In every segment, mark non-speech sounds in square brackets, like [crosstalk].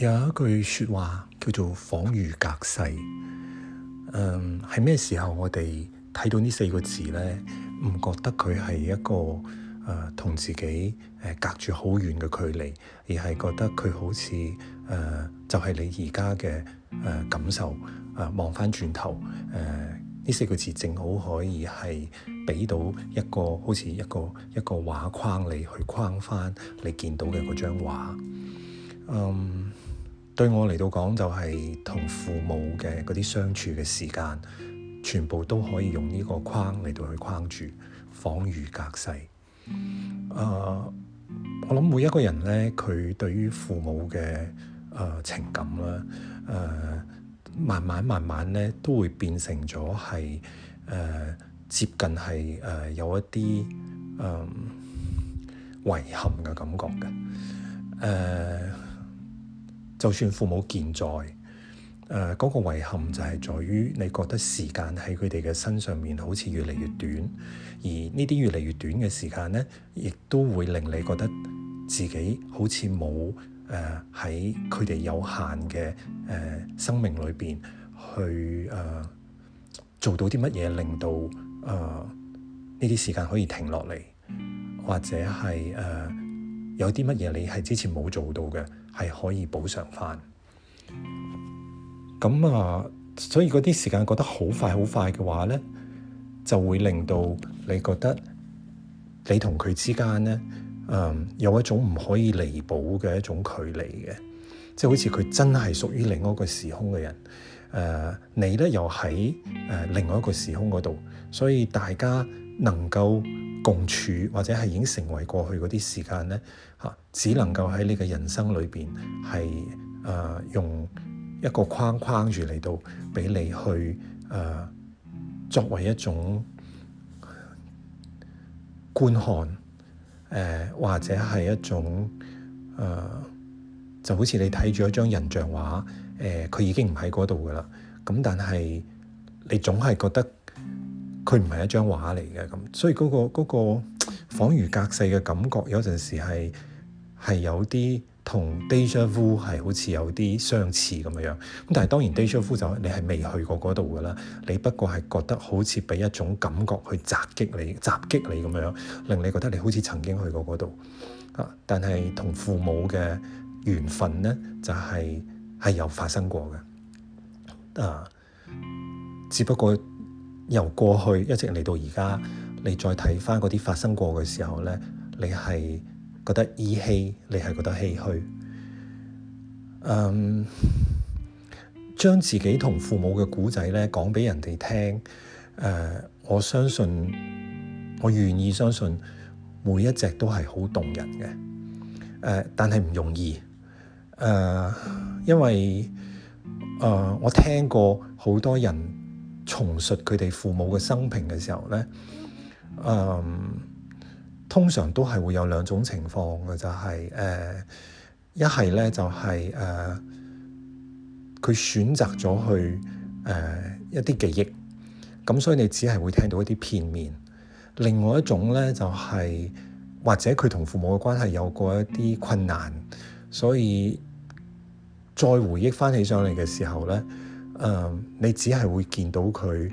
有一句説話叫做「恍如隔世」。誒、嗯，係咩時候我哋睇到呢四個字呢？唔覺得佢係一個誒同、呃、自己誒隔住好遠嘅距離，而係覺得佢好似誒、呃、就係、是、你而家嘅誒感受。誒、呃，望翻轉頭，誒、呃、呢四個字正好可以係俾到一個好似一個一個畫框，你去框翻你見到嘅嗰張畫。嗯。對我嚟到講，就係同父母嘅嗰啲相處嘅時間，全部都可以用呢個框嚟到去框住，仿如隔世。誒、呃，我諗每一個人咧，佢對於父母嘅誒、呃、情感啦，誒、呃，慢慢慢慢咧，都會變成咗係誒接近係誒、呃、有一啲誒遺憾嘅感覺嘅，誒、呃。就算父母健在，誒、呃、嗰、那個遺憾就係在於你覺得時間喺佢哋嘅身上面好似越嚟越短，而呢啲越嚟越短嘅時間咧，亦都會令你覺得自己好似冇誒喺佢哋有限嘅誒、呃、生命裏邊去誒、呃、做到啲乜嘢，令到誒呢啲時間可以停落嚟，或者係誒、呃、有啲乜嘢你係之前冇做到嘅。係可以補償翻，咁啊，所以嗰啲時間覺得好快好快嘅話呢，就會令到你覺得你同佢之間呢，誒、嗯、有一種唔可以彌補嘅一種距離嘅，即係好似佢真係屬於另外一個時空嘅人，誒、嗯、你呢又喺誒、呃、另外一個時空嗰度，所以大家能夠共處或者係已經成為過去嗰啲時間咧，吓，只能夠喺你嘅人生裏邊係誒用一個框框住嚟到俾你去誒、呃、作為一種觀看誒、呃，或者係一種誒、呃、就好似你睇住一張人像畫誒，佢、呃、已經唔喺嗰度噶啦，咁但係你總係覺得。佢唔係一張畫嚟嘅咁，所以嗰、嗰個恍、嗰個、如隔世嘅感覺有，有陣時係係有啲同 déjà vu 係好似有啲相似咁樣。咁但係當然 déjà vu 就係、你係未去過嗰度㗎啦，你不過係覺得好似俾一種感覺去襲擊你，襲擊你咁樣，令你覺得你好似曾經去過嗰度、啊。但係同父母嘅緣分呢，就係、係、係有發生過嘅。啊，只不過。由過去一直嚟到而家，你再睇翻嗰啲發生過嘅時候咧，你係覺得依稀，你係覺得唏噓。嗯，將自己同父母嘅古仔咧講俾人哋聽。誒、呃，我相信，我願意相信，每一隻都係好動人嘅。誒、呃，但係唔容易。誒、呃，因為誒、呃，我聽過好多人，重述佢哋父母嘅生平嘅時候咧，嗯，通常都係會有兩種情況嘅，就係、是、誒、呃、一係咧就係誒佢選擇咗去誒、呃、一啲記憶，咁所以你只係會聽到一啲片面。另外一種咧就係、是、或者佢同父母嘅關係有過一啲困難，所以再回憶翻起上嚟嘅時候咧。誒，uh, 你只係會見到佢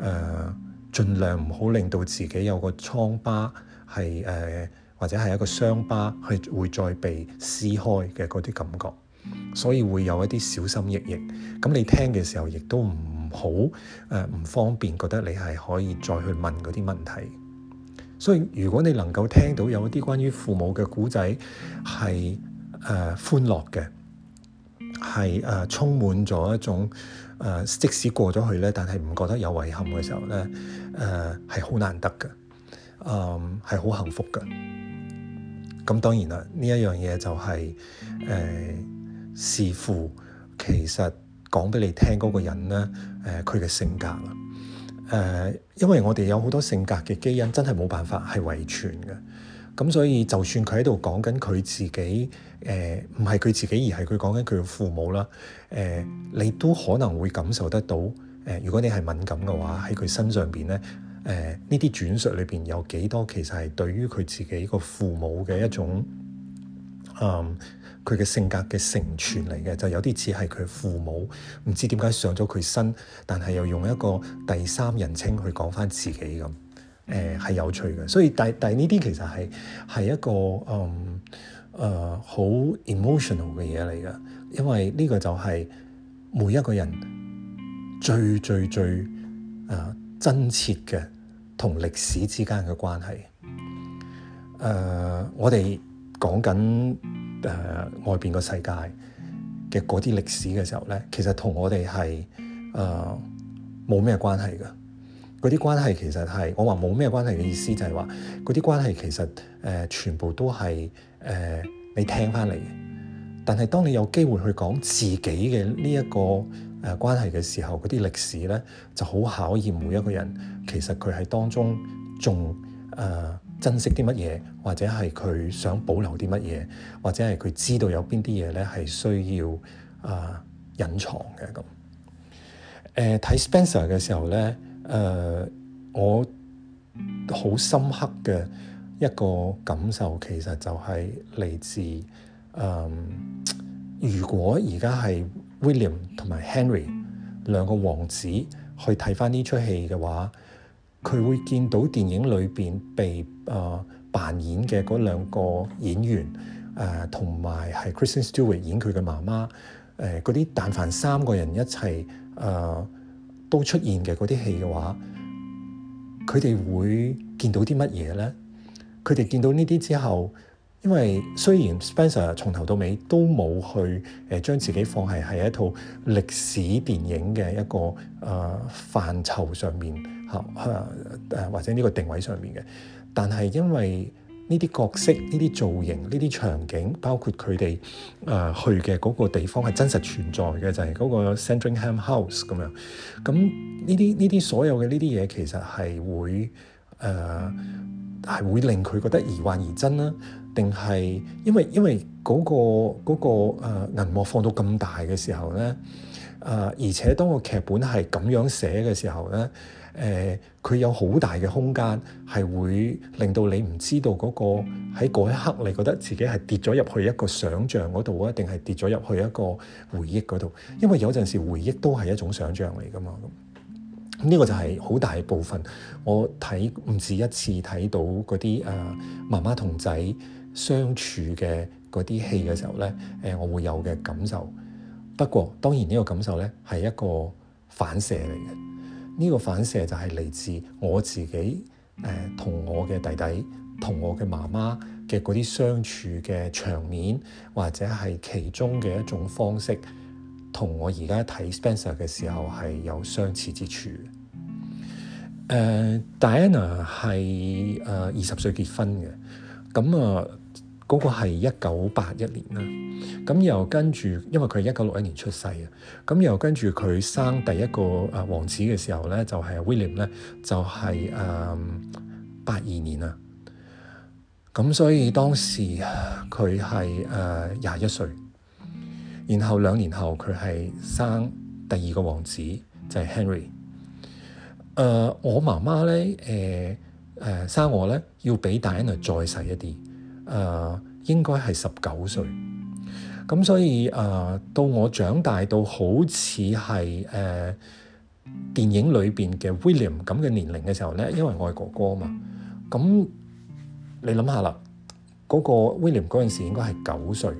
誒，盡量，uh，唔好令到自己有個瘡疤，係誒，或者係一個傷疤，係會再被撕開嘅嗰啲感覺，所以會有一啲小心翼翼。咁你聽嘅時候，亦都唔好誒，唔方便，覺得你係可以再去問嗰啲問題。所以如果你能夠聽到有一啲關於父母嘅故仔係誒歡樂嘅，係誒、uh, 充滿咗一種。誒、呃，即使過咗去咧，但係唔覺得有遺憾嘅時候咧，誒係好難得嘅，誒係好幸福嘅。咁當然啦，呢一樣嘢就係誒視乎其實講俾你聽嗰個人咧，誒佢嘅性格啊，誒、呃、因為我哋有好多性格嘅基因真係冇辦法係遺傳嘅。咁所以就算佢喺度講緊佢自己，誒唔係佢自己，而係佢講緊佢嘅父母啦。誒、呃、你都可能會感受得到。誒、呃、如果你係敏感嘅話，喺佢身上邊咧，誒呢啲轉述裏邊有幾多其實係對於佢自己個父母嘅一種啊，佢、嗯、嘅性格嘅成全嚟嘅，就有啲似係佢父母唔知點解上咗佢身，但係又用一個第三人稱去講翻自己咁。誒係、呃、有趣嘅，所以但但呢啲其實係係一個嗯誒好、呃、emotional 嘅嘢嚟㗎，因為呢個就係每一個人最最最誒真、呃、切嘅同歷史之間嘅關係。誒、呃，我哋講緊誒、呃、外邊個世界嘅嗰啲歷史嘅時候咧，其實同我哋係誒冇咩關係嘅。嗰啲關係其實係我話冇咩關係嘅意思就，就係話嗰啲關係其實誒、呃、全部都係誒、呃、你聽翻嚟嘅。但係當你有機會去講自己嘅呢一個誒關係嘅時候，嗰啲歷史咧就好考驗每一個人。其實佢喺當中仲誒、呃、珍惜啲乜嘢，或者係佢想保留啲乜嘢，或者係佢知道有邊啲嘢咧係需要啊、呃、隱藏嘅咁。誒睇、呃、Spencer 嘅時候咧。誒，uh, 我好深刻嘅一個感受其實就係嚟自誒，uh, 如果而家係 William 同埋 Henry 兩個王子去睇翻呢出戲嘅話，佢會見到電影裏邊被誒、uh, 扮演嘅嗰兩個演員誒，同埋係 Kristen Stewart 演佢嘅媽媽誒，嗰、uh, 啲但凡三個人一齊誒。Uh, 都出現嘅嗰啲戲嘅話，佢哋會見到啲乜嘢呢？佢哋見到呢啲之後，因為雖然 Spencer 從頭到尾都冇去誒、呃、將自己放係喺一套歷史電影嘅一個誒、呃、範疇上面嚇，誒或者呢個定位上面嘅，但係因為呢啲角色、呢啲造型、呢啲場景，包括佢哋誒去嘅嗰個地方係真實存在嘅，就係嗰個 Sandringham House 咁樣，咁呢啲呢啲所有嘅呢啲嘢，其實係會誒係會令佢覺得疑幻疑真啦。定係因為因為嗰個嗰個誒銀幕放到咁大嘅時候咧，誒而且當個劇本係咁樣寫嘅時候咧。誒，佢、呃、有好大嘅空間，係會令到你唔知道嗰、嗰個喺嗰一刻，你覺得自己係跌咗入去一個想像嗰度啊，定係跌咗入去一個回憶嗰度？因為有陣時回憶都係一種想像嚟㗎嘛。呢、嗯呢個就係好大部分我，我睇唔止一次睇到嗰啲誒媽媽同仔相處嘅嗰啲戲嘅時候呢，誒、呃、我會有嘅感受。不過當然呢個感受呢係一個反射嚟嘅。呢個反射就係嚟自我自己誒同、呃、我嘅弟弟同我嘅媽媽嘅嗰啲相處嘅場面，或者係其中嘅一種方式，同我而家睇 Spencer 嘅時候係有相似之處。誒、uh，Diana 係誒二十歲結婚嘅，咁啊。Uh, 嗰個係一九八一年啦，咁又跟住，因為佢係一九六一年出世嘅，咁又跟住佢生第一個誒王子嘅時候咧，就係、是、William 咧，就係誒八二年啊，咁所以當時佢係誒廿一歲，然後兩年後佢係生第二個王子就係、是、Henry。誒、呃、我媽媽咧，誒、呃、誒、呃、生我咧，要比 Diana 再細一啲。誒、uh, 應該係十九歲，咁所以誒、uh, 到我長大到好似係誒電影裏邊嘅 William 咁嘅年齡嘅時候咧，因為我係哥哥啊嘛，咁你諗下啦，嗰、嗰個 William 嗰陣時應該係九歲，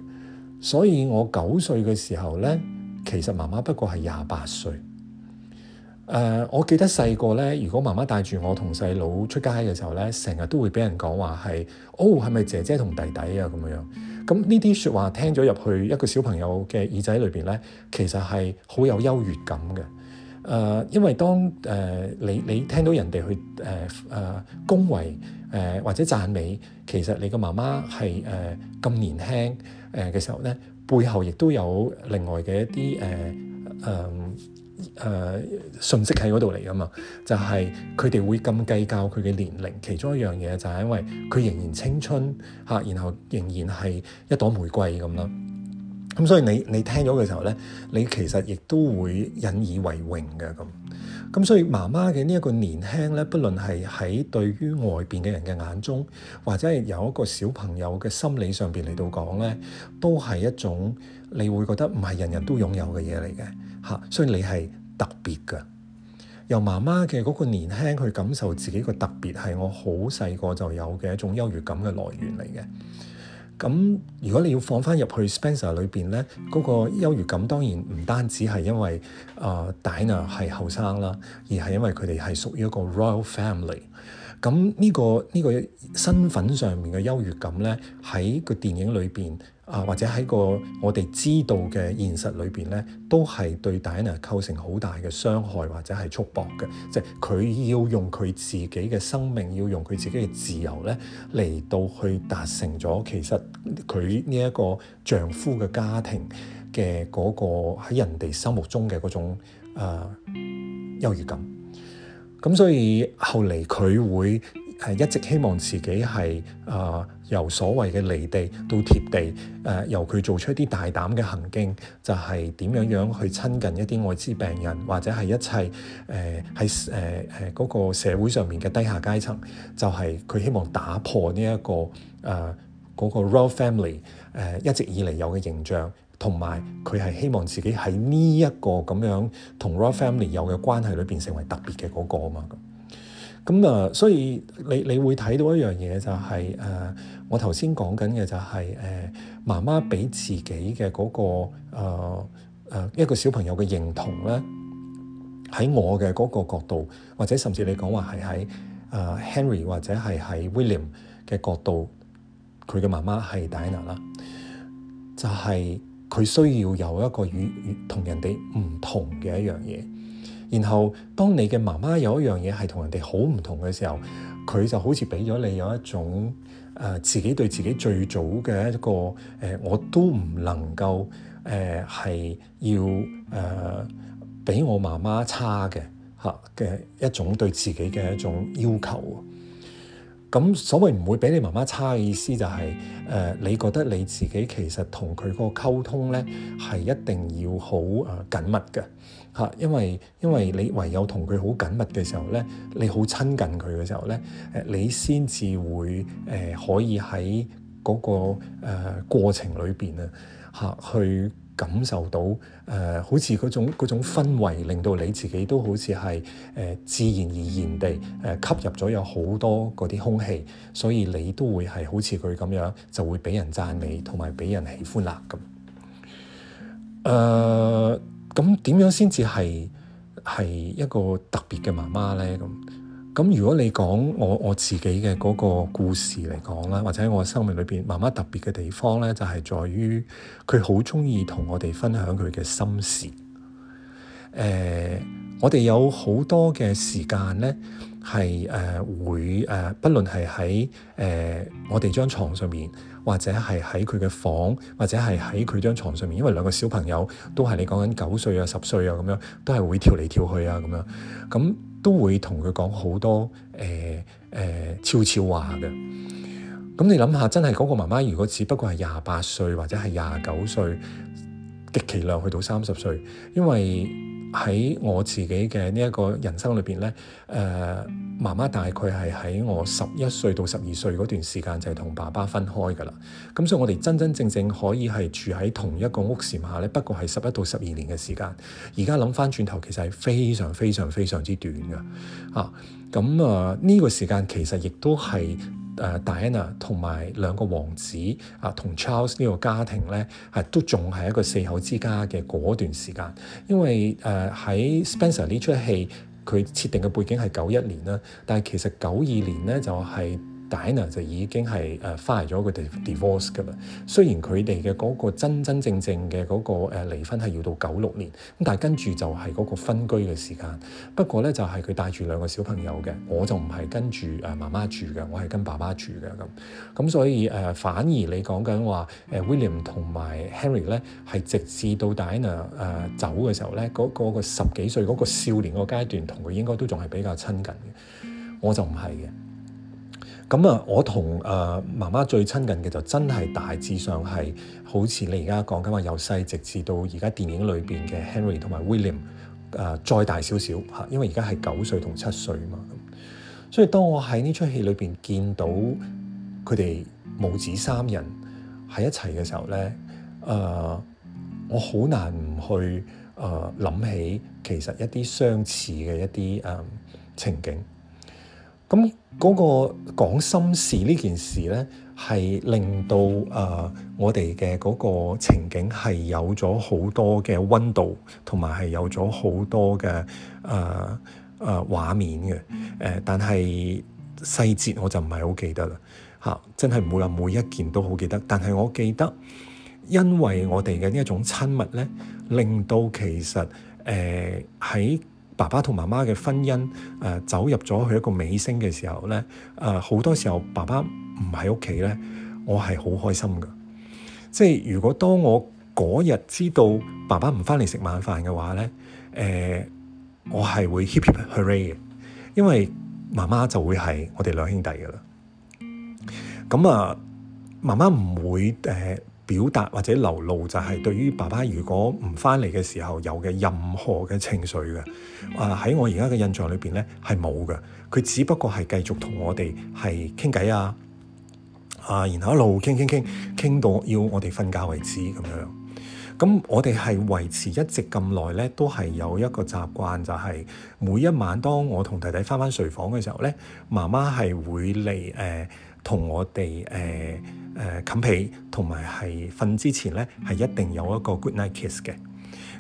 所以我九歲嘅時候咧，其實媽媽不過係廿八歲。誒，uh, 我記得細個咧，如果媽媽帶住我同細佬出街嘅時候咧，成日都會俾人講話係，哦，係咪姐姐同弟弟啊咁樣？咁呢啲説話聽咗入去一個小朋友嘅耳仔裏邊咧，其實係好有優越感嘅。誒、uh, 因為當誒、uh, 你你聽到人哋去誒誒、uh, uh, 恭維誒、uh, 或者讚美，其實你嘅媽媽係誒咁年輕誒嘅時候咧，背後亦都有另外嘅一啲誒誒。Uh, um, 誒、呃、信息喺嗰度嚟㗎嘛，就係佢哋會咁計較佢嘅年齡。其中一樣嘢就係因為佢仍然青春嚇、啊，然後仍然係一朵玫瑰咁啦。咁、嗯、所以你你聽咗嘅時候咧，你其實亦都會引以為榮嘅咁。咁、嗯、所以媽媽嘅呢一個年輕咧，不論係喺對於外邊嘅人嘅眼中，或者係有一個小朋友嘅心理上邊嚟到講咧，都係一種你會覺得唔係人人都擁有嘅嘢嚟嘅。所以你係特別嘅，由媽媽嘅嗰個年輕去感受自己個特別，係我好細個就有嘅一種優越感嘅來源嚟嘅。咁如果你要放翻入去 Spencer 裏邊咧，嗰、那個優越感當然唔單止係因為啊，Diana 係後生啦，而係因為佢哋係屬於一個 Royal Family。咁呢、這個呢、這個身份上面嘅優越感咧，喺個電影裏邊。啊，或者喺個我哋知道嘅現實裏邊咧，都係對戴安娜構成好大嘅傷害或者係束縛嘅，即係佢要用佢自己嘅生命，要用佢自己嘅自由咧嚟到去達成咗，其實佢呢一個丈夫嘅家庭嘅嗰個喺人哋心目中嘅嗰種誒優越感。咁所以後嚟佢會係一直希望自己係誒。呃由所謂嘅離地到貼地，誒、呃、由佢做出一啲大膽嘅行徑，就係點樣樣去親近一啲愛滋病人或者係一切誒喺誒誒嗰個社會上面嘅低下階層，就係、是、佢希望打破呢、這、一個誒嗰、呃那個 Royal Family 誒、呃、一直以嚟有嘅形象，同埋佢係希望自己喺呢一個咁樣同 Royal Family 有嘅關係裏邊成為特別嘅嗰個啊嘛。咁啊，所以你你會睇到一樣嘢就係、是、誒。呃我頭先講緊嘅就係誒媽媽俾自己嘅嗰、嗰個誒、呃呃、一個小朋友嘅認同咧，喺我嘅嗰個角度，或者甚至你講話係喺誒 Henry 或者係喺 William 嘅角度，佢嘅媽媽係 Diana 啦，就係佢需要有一個與與同人哋唔同嘅一樣嘢。然後，當你嘅媽媽有一樣嘢係同人哋好唔同嘅時候，佢就好似俾咗你有一種誒、呃、自己對自己最早嘅一個誒、呃，我都唔能夠誒係、呃、要誒俾、呃、我媽媽差嘅嚇嘅一種對自己嘅一種要求。咁所謂唔會俾你媽媽差嘅意思，就是，就係誒你覺得你自己其實同佢嗰個溝通咧係一定要好誒緊密嘅。嚇，因為因為你唯有同佢好緊密嘅時候咧，你好親近佢嘅時候咧，誒你先至會誒、呃、可以喺嗰個誒、呃、過程裏邊啊嚇，去感受到誒、呃、好似嗰種嗰種氛圍，令到你自己都好似係誒自然而然地誒、呃、吸入咗有好多嗰啲空氣，所以你都會係好似佢咁樣，就會俾人讚美同埋俾人喜歡啦咁。誒。呃咁點樣先至係係一個特別嘅媽媽咧？咁咁如果你講我我自己嘅嗰個故事嚟講啦，或者我生命裏面媽媽特別嘅地方咧，就係、是、在於佢好鍾意同我哋分享佢嘅心事。誒、呃，我哋有好多嘅時間咧，係誒、呃、會誒、呃，不論係喺誒我哋張床上面。或者係喺佢嘅房，或者係喺佢張床上面，因為兩個小朋友都係你講緊九歲啊、十歲啊咁樣，都係會跳嚟跳去啊咁樣，咁都會同佢講好多誒誒悄悄話嘅。咁你諗下，真係嗰個媽媽如果只不過係廿八歲或者係廿九歲，極其量去到三十歲，因為。喺我自己嘅呢一個人生裏邊呢，誒、呃，媽媽大概係喺我十一歲到十二歲嗰段時間就係同爸爸分開㗎喇。咁、嗯、所以，我哋真真正正可以係住喺同一個屋檐下呢。不過係十一到十二年嘅時間。而家諗返轉頭，其實係非常非常非常之短嘅。啊，咁、嗯、啊，呢、呃這個時間其實亦都係。誒，戴安娜同埋兩個王子啊，同、uh, Charles 呢個家庭咧，係都仲係一個四口之家嘅嗰段時間，因為誒喺、uh, Spencer 呢出戲，佢設定嘅背景係九一年啦，但係其實九二年咧就係、是。Diana 就已經係誒花費咗佢哋 divorce 㗎喇，雖然佢哋嘅嗰個真真正正嘅嗰個誒離婚係要到九六年，咁但係跟住就係嗰個分居嘅時間。不過咧就係佢帶住兩個小朋友嘅，我就唔係跟住誒媽媽住嘅，我係跟爸爸住嘅咁。咁所以誒、呃，反而你講緊話誒 William 同埋 Harry 咧，係直至到 Diana，誒走嘅時候咧，嗰、嗰個十幾歲嗰個少年嗰階段，同佢應該都仲係比較親近嘅，我就唔係嘅。咁啊、嗯，我同誒、呃、媽媽最親近嘅就真係大致上係好似你而家講緊話，由細直至到而家電影裏邊嘅 Henry 同埋 William 誒、呃、再大少少嚇，因為而家係九歲同七歲嘛、嗯。所以當我喺呢出戲裏邊見到佢哋母子三人喺一齊嘅時候咧，誒、呃、我好難唔去誒諗、呃、起其實一啲相似嘅一啲誒、呃、情景。咁嗰個講心事呢件事咧，係令到誒、呃、我哋嘅嗰個情景係有咗好多嘅溫度，同埋係有咗好多嘅誒誒畫面嘅。誒、呃，但係細節我就唔係好記得啦。嚇，真係唔會話每一件都好記得。但係我記得，因為我哋嘅呢一種親密咧，令到其實誒喺。呃爸爸同媽媽嘅婚姻，誒、呃、走入咗去一個尾聲嘅時候咧，誒、呃、好多時候爸爸唔喺屋企咧，我係好開心㗎。即係如果當我嗰日知道爸爸唔返嚟食晚飯嘅話咧，誒、呃、我係會 hip hip hooray 嘅，因為媽媽就會係我哋兩兄弟㗎啦。咁啊，媽媽唔會誒。呃表達或者流露就係對於爸爸如果唔翻嚟嘅時候有嘅任何嘅情緒嘅，啊喺我而家嘅印象裏邊咧，係冇嘅。佢只不過係繼續同我哋係傾偈啊，啊，然後一路傾傾傾傾到要我哋瞓覺為止咁樣。咁我哋係維持一直咁耐咧，都係有一個習慣，就係每一晚當我同弟弟翻翻睡房嘅時候咧，媽媽係會嚟誒同我哋誒。呃誒冚被同埋係瞓之前咧，係一定有一個 good night kiss 嘅。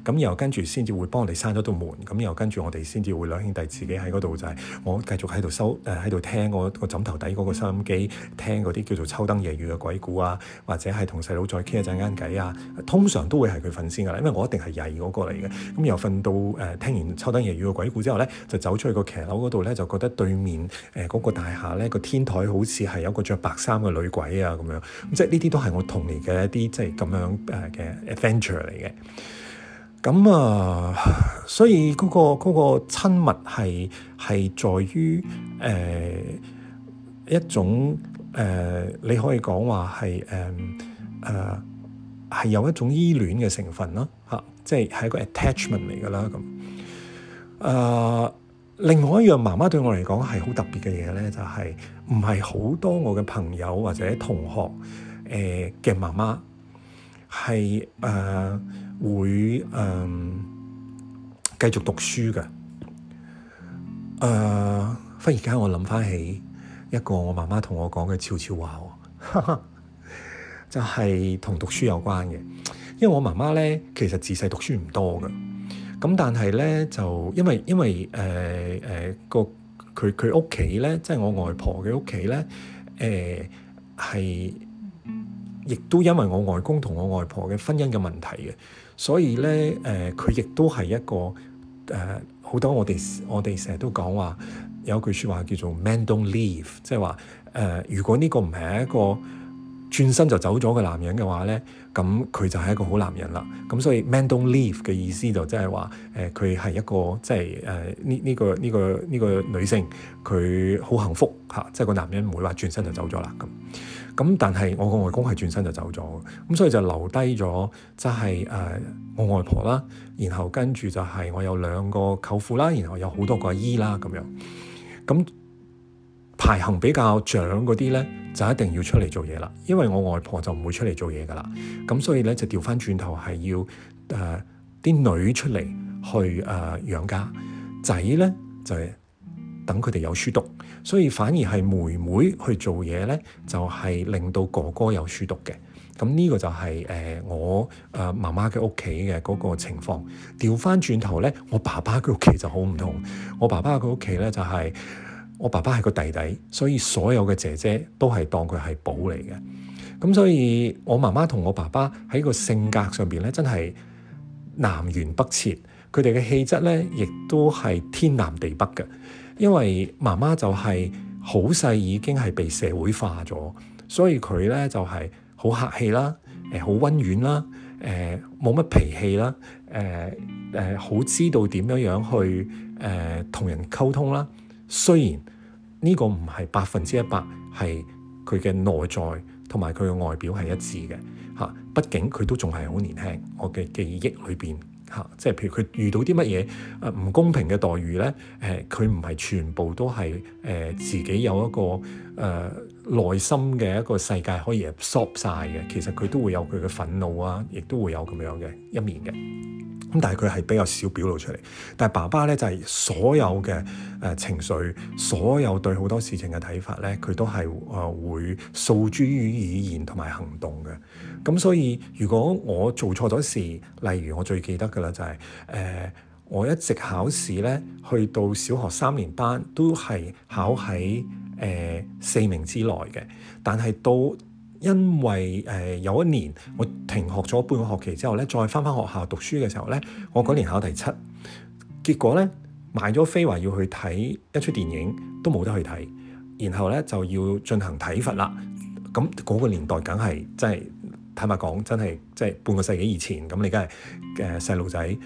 咁又跟住先至會幫我哋閂咗道門。咁又跟住我哋先至會兩兄弟自己喺嗰度就係、是、我繼續喺度收誒喺度聽我個枕頭底嗰個收音機聽嗰啲叫做《秋燈夜雨》嘅鬼故啊，或者係同細佬再傾一陣間偈啊。通常都會係佢瞓先噶啦，因為我一定係曳嗰個嚟嘅。咁又瞓到誒、呃、聽完《秋燈夜雨》嘅鬼故之後咧，就走出去個騎樓嗰度咧，就覺得對面誒嗰、呃那個大廈咧，個天台好似係有個着白衫嘅女鬼啊咁樣。嗯、即係呢啲都係我童年嘅一啲即係咁樣誒嘅 adventure 嚟嘅。咁啊、嗯，所以嗰、那個嗰、那個、親密係係在於誒、呃、一種誒、呃，你可以講話係誒誒係有一種依戀嘅成分啦，嚇、啊，即係係一個 attachment 嚟噶啦咁。啊，另外一樣媽媽對我嚟講係好特別嘅嘢咧，就係唔係好多我嘅朋友或者同學誒嘅、呃、媽媽係誒。呃會誒、呃、繼續讀書嘅，誒、呃，忽然間我諗翻起一個我媽媽同我講嘅悄悄話， [laughs] 就係同讀書有關嘅。因為我媽媽咧，其實自細讀書唔多嘅，咁但係咧就因為因為誒誒、呃呃、個佢佢屋企咧，即係我外婆嘅屋企咧，誒係亦都因為我外公同我外婆嘅婚姻嘅問題嘅。所以呢，誒、呃、佢亦都係一個誒，好、呃、多我哋我哋成日都講話，有一句説話叫做 Men Don't Leave，即係話誒，如果呢個唔係一個。轉身就走咗個男人嘅話呢，咁佢就係一個好男人啦。咁所以 man don't leave 嘅意思就即係話，誒佢係一個即係誒呢呢個呢、呢個呢、呢個女性，佢好幸福嚇，即係個男人唔會話轉身就走咗啦。咁咁但係我個外公係轉身就走咗，咁所以就留低咗即係誒我外婆啦，然後跟住就係我有兩個舅父啦，然後有好多個阿姨啦咁樣，咁。排行比較長嗰啲咧，就一定要出嚟做嘢啦，因為我外婆就唔會出嚟做嘢噶啦，咁所以咧就調翻轉頭係要誒啲、呃、女出嚟去誒養、呃、家，仔咧就係等佢哋有書讀，所以反而係妹妹去做嘢咧，就係、是、令到哥哥有書讀嘅。咁呢個就係、是、誒、呃、我誒、呃、媽媽嘅屋企嘅嗰個情況。調翻轉頭咧，我爸爸嘅屋企就好唔同，我爸爸嘅屋企咧就係、是。我爸爸係個弟弟，所以所有嘅姐姐都係當佢係寶嚟嘅。咁所以，我媽媽同我爸爸喺個性格上邊咧，真係南轅北轍。佢哋嘅氣質咧，亦都係天南地北嘅。因為媽媽就係好細已經係被社會化咗，所以佢咧就係、是、好客氣啦，誒、呃、好溫軟啦，誒冇乜脾氣啦，誒、呃、誒、呃、好知道點樣樣去誒同、呃、人溝通啦。雖然呢個唔係百分之一百係佢嘅內在同埋佢嘅外表係一致嘅，嚇、啊，畢竟佢都仲係好年輕，我嘅記憶裏邊嚇，即係譬如佢遇到啲乜嘢誒唔公平嘅待遇咧，誒佢唔係全部都係誒、呃、自己有一個誒，呃內心嘅一個世界可以 absorb 晒嘅，其實佢都會有佢嘅憤怒啊，亦都會有咁樣嘅一面嘅。咁但係佢係比較少表露出嚟。但係爸爸咧就係、是、所有嘅誒、呃、情緒，所有對好多事情嘅睇法咧，佢都係誒、呃、會訴諸於語言同埋行動嘅。咁所以如果我做錯咗事，例如我最記得㗎喇就係、是、誒、呃、我一直考試咧，去到小學三年班都係考喺，誒、呃、四名之內嘅，但係到因為誒、呃、有一年我停學咗半個學期之後咧，再返返學校讀書嘅時候咧，我嗰年考第七，結果咧買咗飛話要去睇一出電影都冇得去睇，然後咧就要進行體罰啦。咁嗰個年代梗係即係坦白講，真係即係半個世紀以前咁，你梗係誒細路仔誒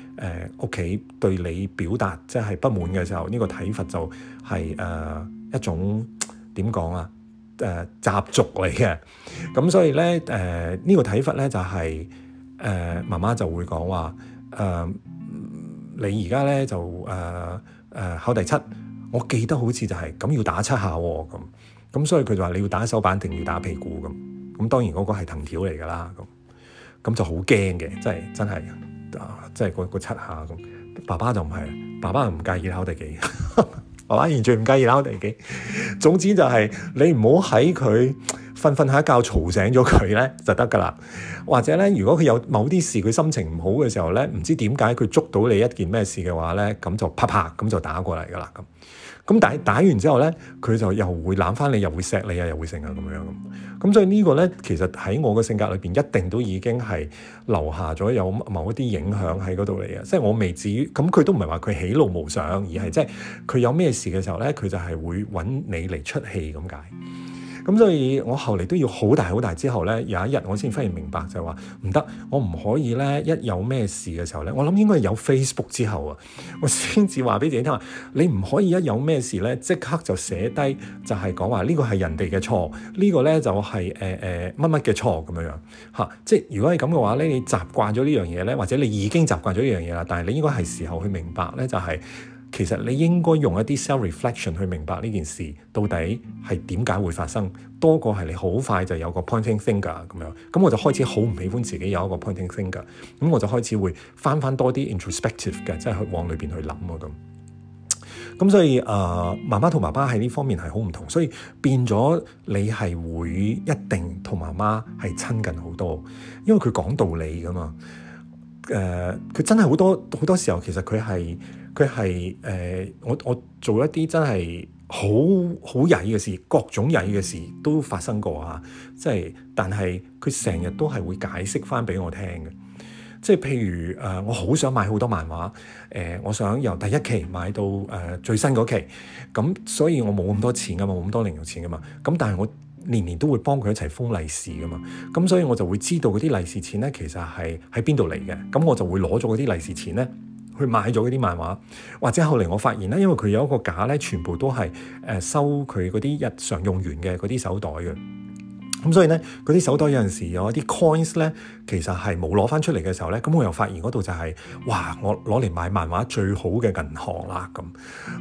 屋企對你表達即係不滿嘅時候，呢、呢個體罰就係、是、誒。呃一種點講啊？誒、呃、習俗嚟嘅，咁所以咧誒呢、呃呢個睇法咧就係、係、誒、呃、媽媽就會講話誒你而家咧就誒誒考第七，我記得好似就係、係、咁要打七下喎、啊、咁，咁所以佢就話你要打手板定要打屁股咁，咁當然嗰個係藤條嚟㗎啦，咁咁就好驚嘅，真係真係啊，即係嗰七下咁。爸爸就唔係，爸爸唔介意考第幾。 [laughs] 係嘛？完全唔介意啦，我哋嘅總之就係你唔好喺佢瞓瞓下一覺嘈醒咗佢咧，就得噶啦。或者咧，如果佢有某啲事，佢心情唔好嘅時候咧，唔知點解佢捉到你一件咩事嘅話咧，咁就啪啪咁就打過嚟噶啦咁。咁打打完之後咧，佢就又會攬翻你，又會錫你啊，又會成啊咁樣咁。咁所以個呢個咧，其實喺我嘅性格裏邊，一定都已經係留下咗有某一啲影響喺嗰度嚟啊。即係我未至於咁，佢都唔係話佢喜怒無常，而係即係佢有咩事嘅時候咧，佢就係會揾你嚟出氣咁解。咁所以，我後嚟都要好大好大之後咧，有一日我先忽然明白就係話唔得，我唔可以咧一有咩事嘅時候咧，我諗應該係有 Facebook 之後啊，我先至話俾自己聽話，你唔可以一有咩事咧即刻就寫低，就係講話呢個係人哋嘅錯，呢個咧就係誒誒乜乜嘅錯咁樣樣嚇。即係如果係咁嘅話咧，你習慣咗呢樣嘢咧，或者你已經習慣咗呢樣嘢啦，但係你應該係時候去明白咧，就係。其實你應該用一啲 self reflection 去明白呢件事到底係點解會發生，多過係你好快就有個 pointing finger 咁樣。咁我就開始好唔喜歡自己有一個 pointing finger，咁我就開始會翻翻多啲 introspective 嘅，即係去往裏邊去諗啊咁。咁所以誒，媽媽同媽媽喺呢方面係好唔同，所以變咗你係會一定同媽媽係親近好多，因為佢講道理噶嘛。誒、呃，佢真係好多好多時候，其實佢係。佢係誒，我我做一啲真係好好曳嘅事，各種曳嘅事都發生過吓，即係，但係佢成日都係會解釋翻俾我聽嘅。即係譬如誒、呃，我好想買好多漫畫，誒、呃，我想由第一期買到誒、呃、最新嗰期。咁所以，我冇咁多錢噶嘛，冇咁多零用錢噶嘛。咁但係我年年都會幫佢一齊封利是噶嘛。咁所以我就會知道嗰啲利是錢咧，其實係喺邊度嚟嘅。咁我就會攞咗嗰啲利是錢咧。佢買咗嗰啲漫畫，或者後嚟我發現咧，因為佢有一個架咧，全部都係誒收佢嗰啲日常用完嘅嗰啲手袋嘅。咁、嗯、所以咧，嗰啲手袋有陣時有一啲 coins 咧，其實係冇攞翻出嚟嘅時候咧，咁、嗯、我又發現嗰度就係、是、哇，我攞嚟買漫畫最好嘅銀行啦咁。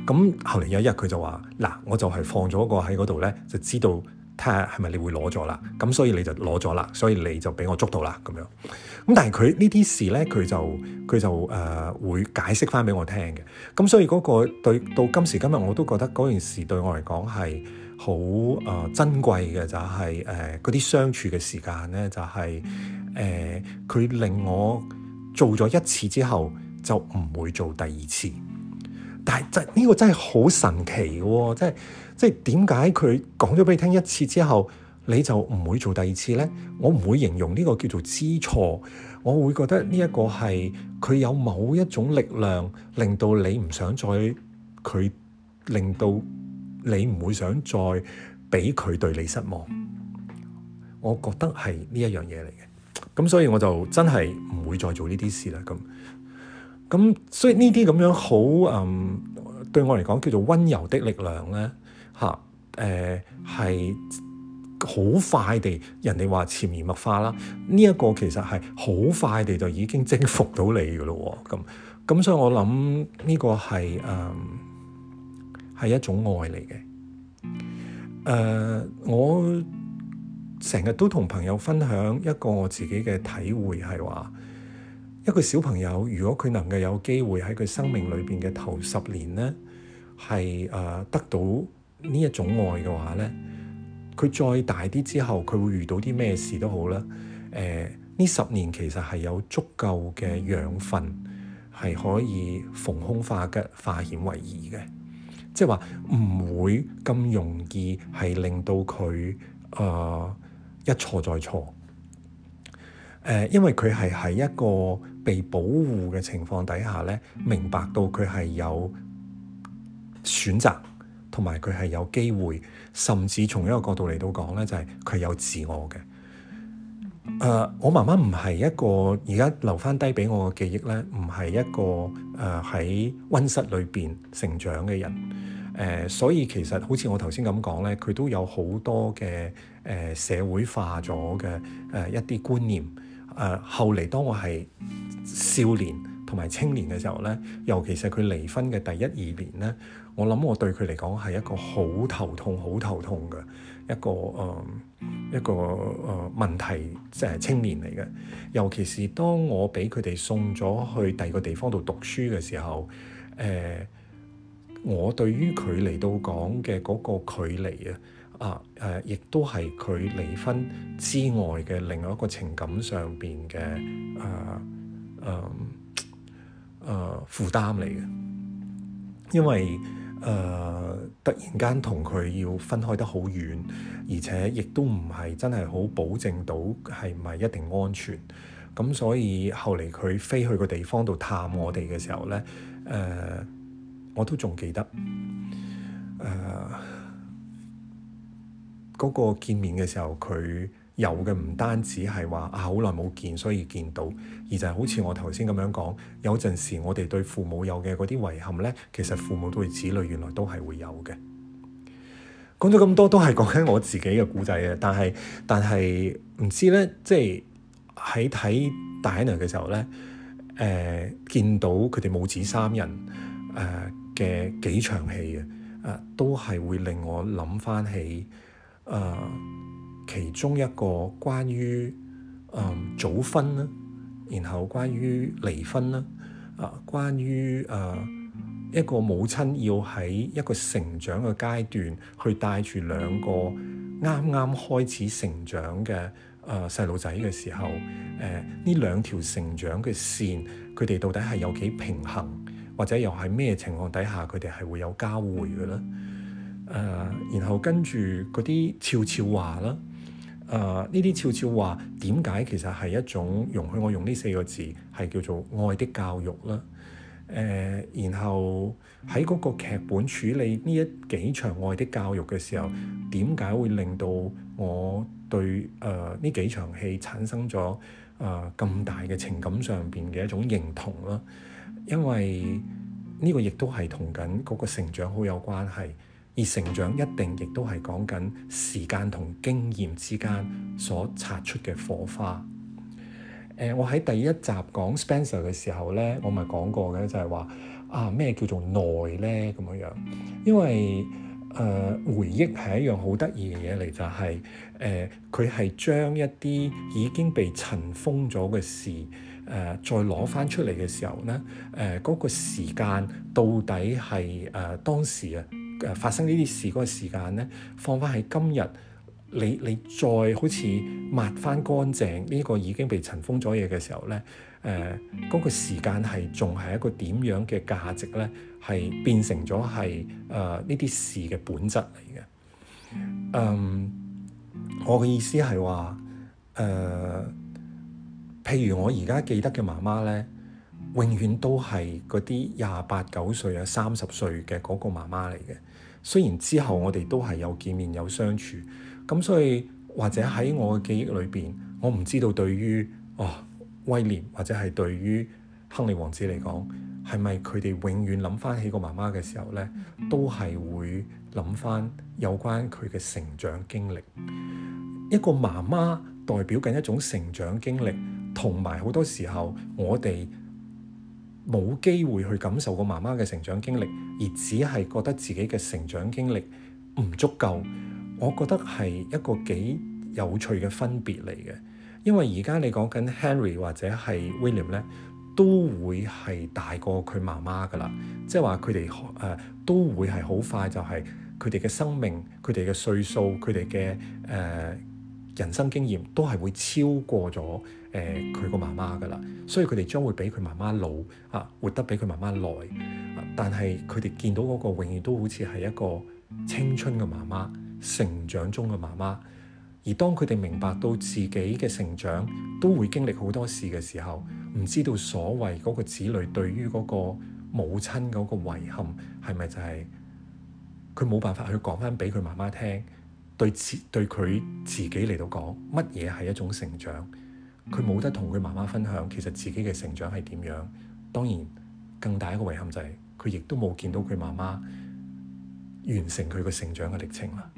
咁、嗯、後嚟有一日佢就話：嗱，我就係放咗個喺嗰度咧，就知道睇下係咪你會攞咗啦。咁所以你就攞咗啦，所以你就俾我捉到啦咁樣。咁但係佢呢啲事咧，佢就佢就誒、呃、會解釋翻俾我聽嘅。咁所以嗰個對到今時今日，我都覺得嗰件事對我嚟講係好誒珍貴嘅，就係誒嗰啲相處嘅時間咧，就係誒佢令我做咗一次之後就唔會做第二次。但係真呢個真係好神奇嘅、哦，即係即係點解佢講咗俾你聽一次之後？你就唔會做第二次呢？我唔會形容呢個叫做知錯，我會覺得呢一個係佢有某一種力量，令到你唔想再佢，令到你唔會想再俾佢對你失望。我覺得係呢一樣嘢嚟嘅。咁所以我就真係唔會再做呢啲事啦。咁咁所以呢啲咁樣好嗯，對我嚟講叫做溫柔的力量呢。吓、啊，誒、呃、係。好快地，人哋話潛移默化啦。呢、這、一個其實係好快地就已經征服到你嘅咯。咁咁，所以我諗呢個係誒係一種愛嚟嘅。誒、呃，我成日都同朋友分享一個我自己嘅體會，係話一個小朋友如果佢能夠有機會喺佢生命裏邊嘅頭十年咧，係誒、呃、得到呢一種愛嘅話咧。佢再大啲之後，佢會遇到啲咩事都好啦。誒、呃，呢十年其實係有足夠嘅養分，係可以逢凶化吉、化險為夷嘅。即係話唔會咁容易係令到佢誒、呃、一錯再錯。誒、呃，因為佢係喺一個被保護嘅情況底下咧，明白到佢係有選擇。同埋佢係有機會，甚至從一個角度嚟到講呢，就係、是、佢有自我嘅。誒、呃，我媽媽唔係一個而家留翻低俾我嘅記憶呢，唔係一個誒喺溫室裏邊成長嘅人。誒、呃，所以其實好似我頭先咁講呢，佢都有好多嘅誒、呃、社會化咗嘅誒一啲觀念。誒、呃，後嚟當我係少年同埋青年嘅時候呢，尤其是佢離婚嘅第一、二年呢。我諗我對佢嚟講係一個好頭痛、好頭痛嘅一個誒、呃、一個誒、呃、問題，即係青年嚟嘅。尤其是當我俾佢哋送咗去第二個地方度讀書嘅時候，誒、呃、我對於佢嚟到講嘅嗰個距離啊，啊、呃、誒，亦都係佢離婚之外嘅另外一個情感上面嘅誒誒誒負擔嚟嘅，因為。誒、uh, 突然間同佢要分開得好遠，而且亦都唔係真係好保證到係唔係一定安全。咁所以後嚟佢飛去個地方度探我哋嘅時候呢，誒、uh, 我都仲記得誒嗰、uh, 個見面嘅時候，佢有嘅唔單止係話啊好耐冇見，所以見到。而就係好似我頭先咁樣講，有陣時我哋對父母有嘅嗰啲遺憾咧，其實父母對子女原來都係會有嘅。講咗咁多都係講緊我自己嘅故仔啊！但係但係唔知咧，即係喺睇《大奶》嘅時候咧，誒、呃、見到佢哋母子三人誒嘅、呃、幾場戲啊，誒、呃、都係會令我諗翻起誒、呃、其中一個關於誒早婚咧。然後關於離婚啦，啊，關於誒、呃、一個母親要喺一個成長嘅階段，去帶住兩個啱啱開始成長嘅誒細路仔嘅時候，誒呢兩條成長嘅線，佢哋到底係有幾平衡，或者又係咩情況底下佢哋係會有交匯嘅咧？誒、呃，然後跟住嗰啲悄悄話啦。誒呢啲悄悄話點解其實係一種容許我用呢四個字，係叫做愛的教育啦。誒、呃，然後喺嗰個劇本處理呢一幾場愛的教育嘅時候，點解會令到我對誒呢、呃、幾場戲產生咗誒咁大嘅情感上面嘅一種認同啦？因為呢個亦都係同緊嗰個成長好有關係。而成長一定亦都係講緊時間同經驗之間所擦出嘅火花。誒，我喺第一集講 Spencer 嘅時候咧，我咪講過嘅就係話啊咩叫做耐咧咁樣樣，因為誒回憶係一樣好得意嘅嘢嚟，就係誒佢係將一啲已經被塵封咗嘅事誒再攞翻出嚟嘅時候咧，誒嗰個時間到底係誒當時啊。誒發生呢啲事嗰個時間咧，放翻喺今日，你你再好似抹翻乾淨呢個已經被塵封咗嘢嘅時候咧，誒嗰個時間係仲係一個點樣嘅價值咧？係變成咗係誒呢啲事嘅本質嚟嘅。嗯，我嘅意思係話誒，譬如我而家記得嘅媽媽咧，永遠都係嗰啲廿八九歲啊、三十歲嘅嗰個媽媽嚟嘅。雖然之後我哋都係有見面有相處，咁所以或者喺我嘅記憶裏邊，我唔知道對於哦威廉或者係對於亨利王子嚟講，係咪佢哋永遠諗返起個媽媽嘅時候呢，都係會諗返有關佢嘅成長經歷。一個媽媽代表緊一種成長經歷，同埋好多時候我哋。冇機會去感受過媽媽嘅成長經歷，而只係覺得自己嘅成長經歷唔足夠。我覺得係一個幾有趣嘅分別嚟嘅，因為而家你講緊 Henry 或者係 William 咧，都會係大過佢媽媽㗎喇，即係話佢哋誒都會係好快就係佢哋嘅生命、佢哋嘅歲數、佢哋嘅誒人生經驗都係會超過咗，誒佢個媽媽㗎啦，所以佢哋將會比佢媽媽老啊，活得比佢媽媽耐。但係佢哋見到嗰個永遠都好似係一個青春嘅媽媽，成長中嘅媽媽。而當佢哋明白到自己嘅成長都會經歷好多事嘅時候，唔知道所謂嗰個子女對於嗰個母親嗰個遺憾係咪就係佢冇辦法去講返俾佢媽媽聽，對自對佢自己嚟到講乜嘢係一種成長。佢冇得同佢媽媽分享，其實自己嘅成長係點樣。當然，更大一個遺憾就係，佢亦都冇見到佢媽媽完成佢個成長嘅歷程啦。